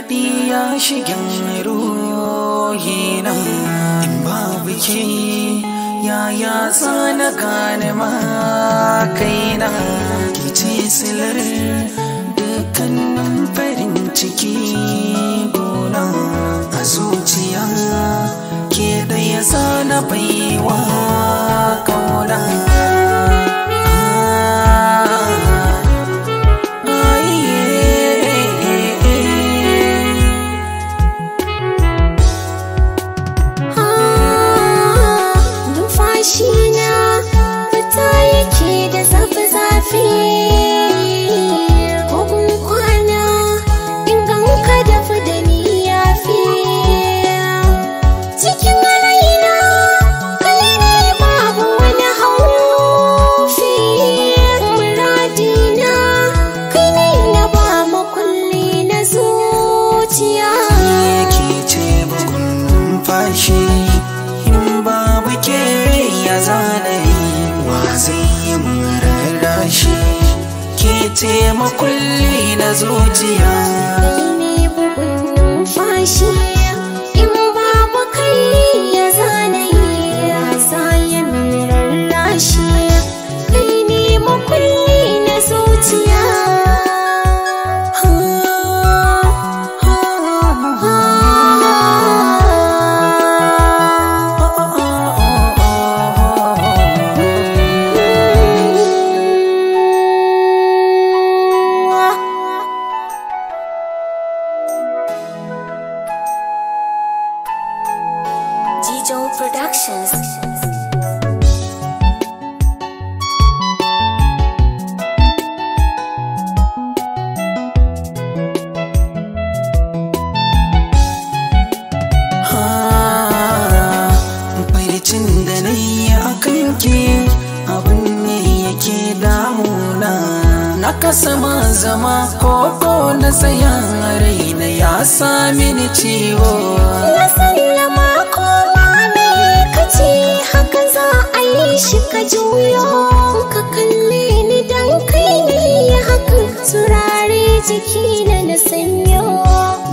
daɗi ya shigen ruhi na in babu ke yaya na gane ma kaina ke ce silar dukkanin farin ciki shi in babu ke ya zane wa zai yi murara shi ke ce makulli na zuciya ne bugun numfashi Productions. lokacin da na yi a kanki abin ne yake damuna na kasa ma zama koko na tsaya raina ya sami ni ciwo jiki na na sanyo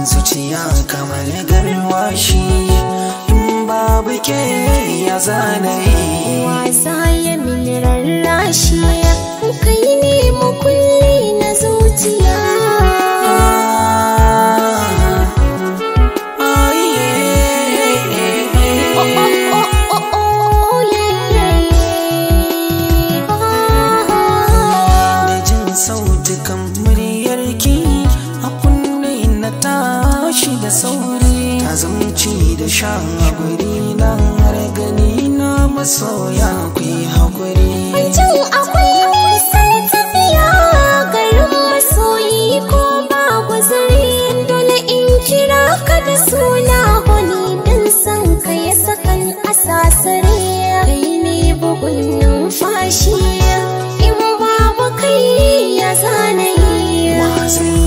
zuciya kamar garwashi in babu ke ya zanayi wasa ya min rarrashi kai ne mukulli na zuciya ah, ah, oh, oh, oh, sautukan sha guri nan har gani na masoya ku yi haƙuri akwai nisan tafiya garin masoyi ko ba guzuri dole in kira ka da suna gwani don san ka ya sakan asasare kai ne bugun numfashi in babu kai ya zanayi